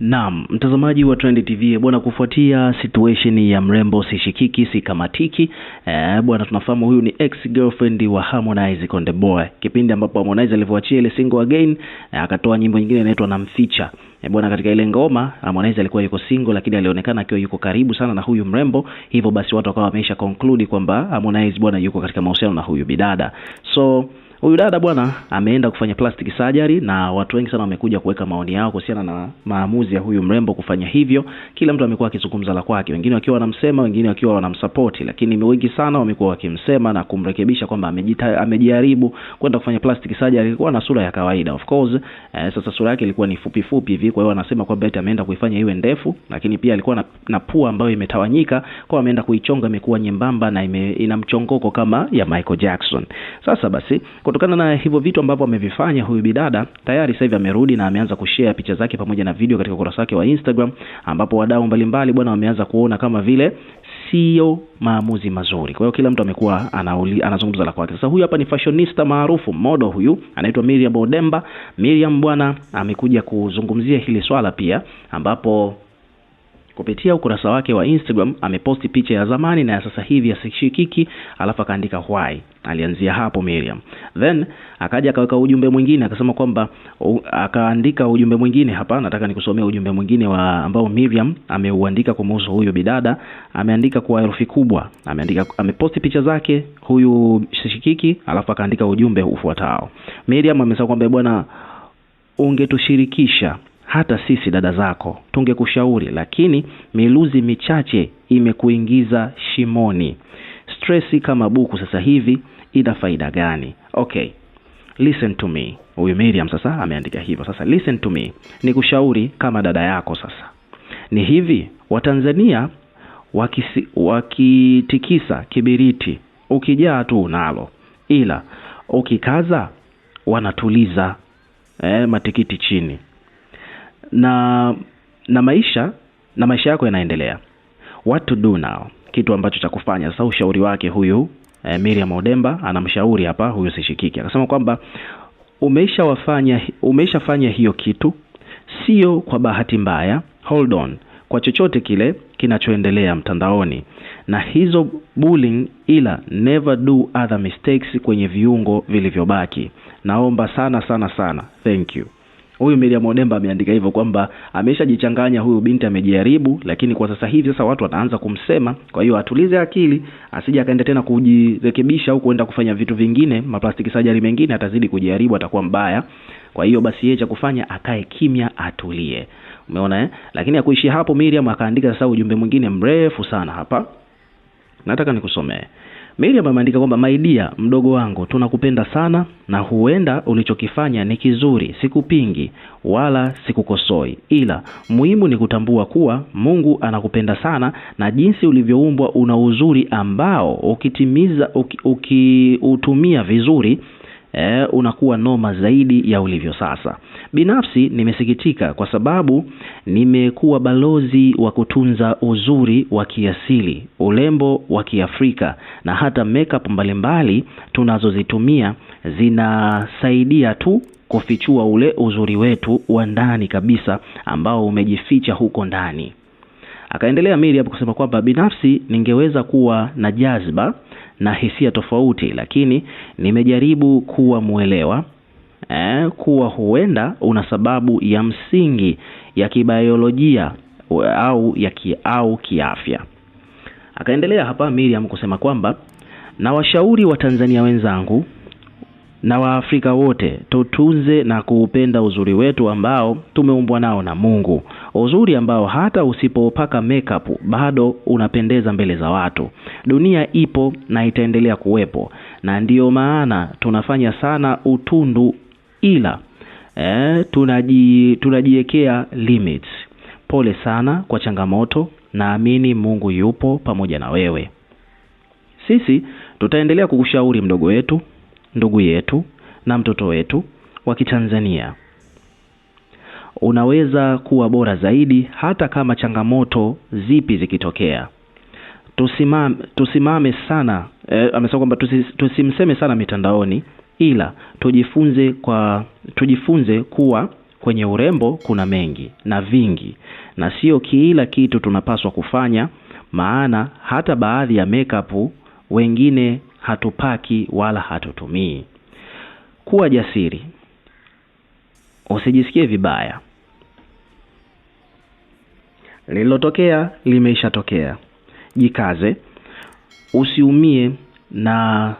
Naam, mtazamaji wa Trend TV bwana, kufuatia situation ya mrembo sishikiki sikamatiki eh bwana, tunafahamu huyu ni ex girlfriend wa Harmonize Konde Boy, kipindi ambapo Harmonize alivyoachia ile single again e, akatoa nyimbo nyingine inaitwa namficha e, bwana, katika ile ngoma Harmonize alikuwa yuko single, lakini alionekana akiwa yuko karibu sana na huyu mrembo, hivyo basi watu wakawa wameisha conclude kwamba Harmonize bwana, yuko katika mahusiano na huyu bidada so Huyu dada bwana ameenda kufanya plastic surgery, na watu wengi sana wamekuja kuweka maoni yao kuhusiana na maamuzi ya huyu mrembo kufanya hivyo. Kila mtu amekuwa akizungumza la kwake, wengine wakiwa wanamsema, wengine wakiwa wanamsupport, lakini wengi sana wamekuwa wakimsema na kumrekebisha kwamba amejiharibu kwenda kufanya plastic surgery. Alikuwa na sura ya kawaida of course, eh, sasa sura yake ilikuwa ni fupi fupi hivi, kwa hiyo anasema kwamba eti ameenda kuifanya iwe ndefu, lakini pia alikuwa na, na pua ambayo imetawanyika, kwa ameenda kuichonga, imekuwa nyembamba na ime, ina mchongoko kama ya Michael Jackson. Sasa basi Kutokana na hivyo vitu ambavyo amevifanya huyu bidada, tayari sasa hivi amerudi na ameanza kushare picha zake pamoja na video katika ukurasa wake wa Instagram, ambapo wadau mbalimbali bwana wameanza kuona kama vile sio maamuzi mazuri. Kwa hiyo kila mtu amekuwa anazungumza la kwake. Sasa huyu hapa ni fashionista maarufu modo, huyu anaitwa Miriam Odemba. Miriam bwana amekuja kuzungumzia hili swala pia, ambapo Kupitia ukurasa wake wa Instagram ameposti picha ya zamani na ya sasa hivi ya Shikiki, alafu akaandika why. Alianzia hapo Miriam, then akaja akaweka ujumbe mwingine akasema kwamba akaandika ujumbe mwingine hapa, nataka nikusomea ujumbe mwingine wa ambao Miriam ameuandika kumuhusu huyu bidada. Ameandika kwa herufi kubwa, ameandika ameposti picha zake huyu Shikiki, alafu akaandika ujumbe ufuatao. Miriam amesema kwamba bwana, ungetushirikisha hata sisi dada zako tungekushauri, lakini miluzi michache imekuingiza shimoni. Stresi kama buku sasa hivi ina faida gani? Okay, listen to me. Huyu Miriam sasa ameandika hivyo. Sasa listen to me, kushauri kama dada yako. Sasa ni hivi, Watanzania wakitikisa kibiriti, ukijaa tu unalo, ila ukikaza wanatuliza. eh, matikiti chini na na maisha na maisha yako yanaendelea. What to do now, kitu ambacho cha kufanya sasa. Ushauri wake huyu eh, Miriam Odemba anamshauri hapa huyu Sishikiki, akasema kwamba umeshawafanya umeshafanya hiyo kitu, sio kwa bahati mbaya, hold on kwa chochote kile kinachoendelea mtandaoni na hizo bullying, ila never do other mistakes kwenye viungo vilivyobaki. Naomba sana sana sana, thank you. Huyu Miriam Odemba ameandika hivyo kwamba ameshajichanganya, huyu binti amejiharibu, lakini kwa sasa hivi sasa watu wataanza kumsema. Kwa hiyo atulize akili, asije akaenda tena kujirekebisha au kuenda kufanya vitu vingine, maplastiki sajari mengine, atazidi kujiharibu, atakuwa mbaya. Kwa hiyo basi yeye cha kufanya akae kimya, atulie. Umeona eh? Lakini akuishia hapo, Miriam akaandika sasa ujumbe mwingine mrefu sana hapa nataka nikusomee Miriam ameandika kwamba maidia mdogo wangu, tunakupenda sana na huenda ulichokifanya ni kizuri, sikupingi wala sikukosoi, ila muhimu ni kutambua kuwa Mungu anakupenda sana na jinsi ulivyoumbwa una uzuri ambao ukitimiza ukiutumia uki, vizuri eh, unakuwa noma zaidi ya ulivyo sasa. Binafsi nimesikitika kwa sababu nimekuwa balozi wa kutunza uzuri wa kiasili, urembo wa Kiafrika na hata makeup mbalimbali tunazozitumia zinasaidia tu kufichua ule uzuri wetu wa ndani kabisa ambao umejificha huko ndani. Akaendelea Miri hapo kusema kwamba binafsi ningeweza kuwa na jazba na hisia tofauti, lakini nimejaribu kuwa mwelewa eh, kuwa huenda una sababu ya msingi ya kibayolojia au ya ki, au kiafya. Akaendelea hapa Miriam kusema kwamba na washauri wa Tanzania wenzangu na Waafrika wote tutunze na kuupenda uzuri wetu ambao tumeumbwa nao na Mungu, uzuri ambao hata usipopaka makeup bado unapendeza mbele za watu. Dunia ipo na itaendelea kuwepo, na ndiyo maana tunafanya sana utundu, ila eh, tunaji tunajiwekea limits. Pole sana kwa changamoto, naamini Mungu yupo pamoja na wewe. Sisi tutaendelea kukushauri mdogo wetu ndugu yetu na mtoto wetu wa Kitanzania unaweza kuwa bora zaidi hata kama changamoto zipi zikitokea. Tusimame, tusimame sana eh, amesema kwamba tusimseme sana mitandaoni, ila tujifunze kwa tujifunze kuwa kwenye urembo kuna mengi na vingi, na sio kila kitu tunapaswa kufanya, maana hata baadhi ya makeup wengine hatupaki wala hatutumii. Kuwa jasiri, usijisikie vibaya. Lililotokea limeishatokea, jikaze, usiumie na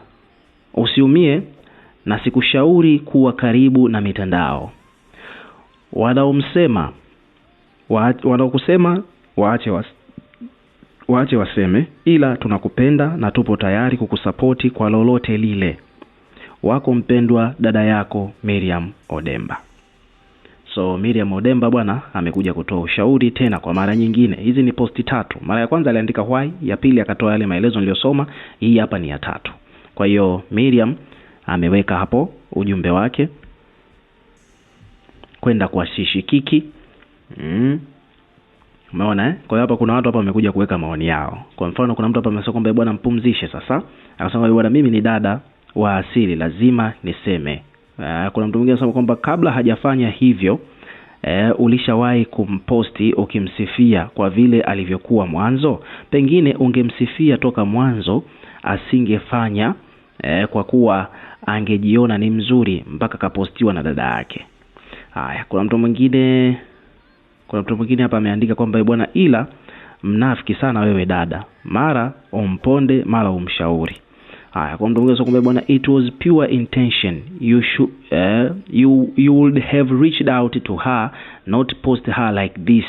usiumie na sikushauri kuwa karibu na mitandao. Wanaomsema wanaokusema waache, waache waseme, ila tunakupenda na tupo tayari kukusapoti kwa lolote lile. Wako mpendwa dada yako Miriam Odemba. So Miriam Odemba bwana amekuja kutoa ushauri tena kwa mara nyingine. Hizi ni posti tatu. Mara ya kwanza aliandika why, ya pili akatoa yale maelezo niliyosoma, hii hapa ni ya tatu. Kwa hiyo Miriam ameweka hapo ujumbe wake kwenda kwa Shishikiki mm. Umeona eh? Kwa hiyo hapa kuna watu hapa wamekuja kuweka maoni yao. Kwa mfano kuna mtu hapa amesema kwamba eh, bwana mpumzishe sasa. Akasema bwana mimi ni dada wa asili lazima niseme. Uh, kuna mtu mwingine anasema kwamba kabla hajafanya hivyo uh, ulishawahi kumposti ukimsifia kwa vile alivyokuwa mwanzo. Pengine ungemsifia toka mwanzo asingefanya uh, kwa kuwa angejiona ni mzuri mpaka kapostiwa na dada yake. Haya, kuna mtu mwingine kuna mtu mwingine hapa ameandika kwamba eh, bwana, ila mnafiki sana wewe dada, mara umponde mara umshauri. Haya, kwa mtu mwingine sasa, kwamba eh, bwana, it was pure intention you should, uh, eh, you, you would have reached out to her not post her like this.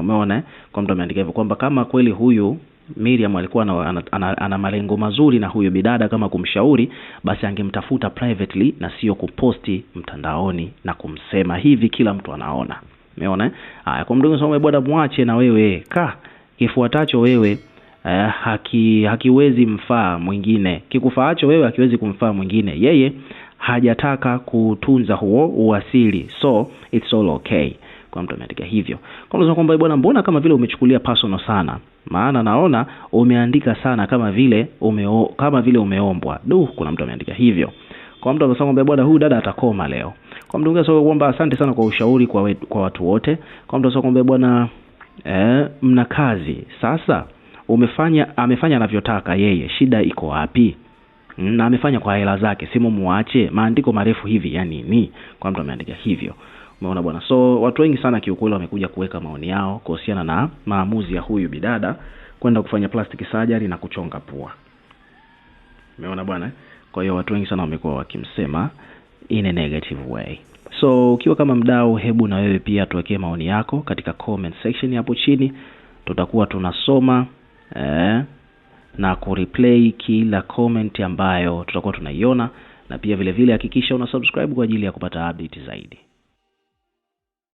Umeona eh? Kwa mtu ameandika hivyo kwamba kama kweli huyu Miriam alikuwa ana, ana, ana, ana malengo mazuri na huyo bidada kama kumshauri, basi angemtafuta privately na sio kuposti mtandaoni na kumsema hivi, kila mtu anaona. Umeona? eh? Haya, kwa mdogo sasa, bwana mwache na wewe ka kifuatacho wewe eh, haki hakiwezi mfaa mwingine, kikufaacho wewe hakiwezi kumfaa mwingine. Yeye hajataka kutunza huo uasili, so it's all okay. Kwa mtu ameandika hivyo, kwa mtu kwamba bwana, mbona kama vile umechukulia personal sana, maana naona umeandika sana kama vile umeo, kama vile umeombwa. Du, kuna mtu ameandika hivyo. Kwa mtu anasema kwamba bwana, huyu dada atakoma leo kwa mdogo mwingine sio kuomba asante sana kwa ushauri kwa, we, kwa watu wote kwa mtu sio kwamba bwana eh, mna kazi sasa umefanya amefanya anavyotaka yeye shida iko wapi na amefanya kwa hela zake simu muache maandiko marefu hivi ya nini kwa mtu ameandika hivyo umeona bwana so watu wengi sana kiukweli wamekuja kuweka maoni yao kuhusiana na maamuzi ya huyu bidada kwenda kufanya plastic surgery na kuchonga pua umeona bwana kwa hiyo watu wengi sana wamekuwa wakimsema in a negative way. So ukiwa kama mdau, hebu na wewe pia tuwekee maoni yako katika comment section hapo chini, tutakuwa tunasoma eh, na kureplay kila comment ambayo tutakuwa tunaiona, na pia vilevile hakikisha vile una subscribe kwa ajili ya kupata update zaidi.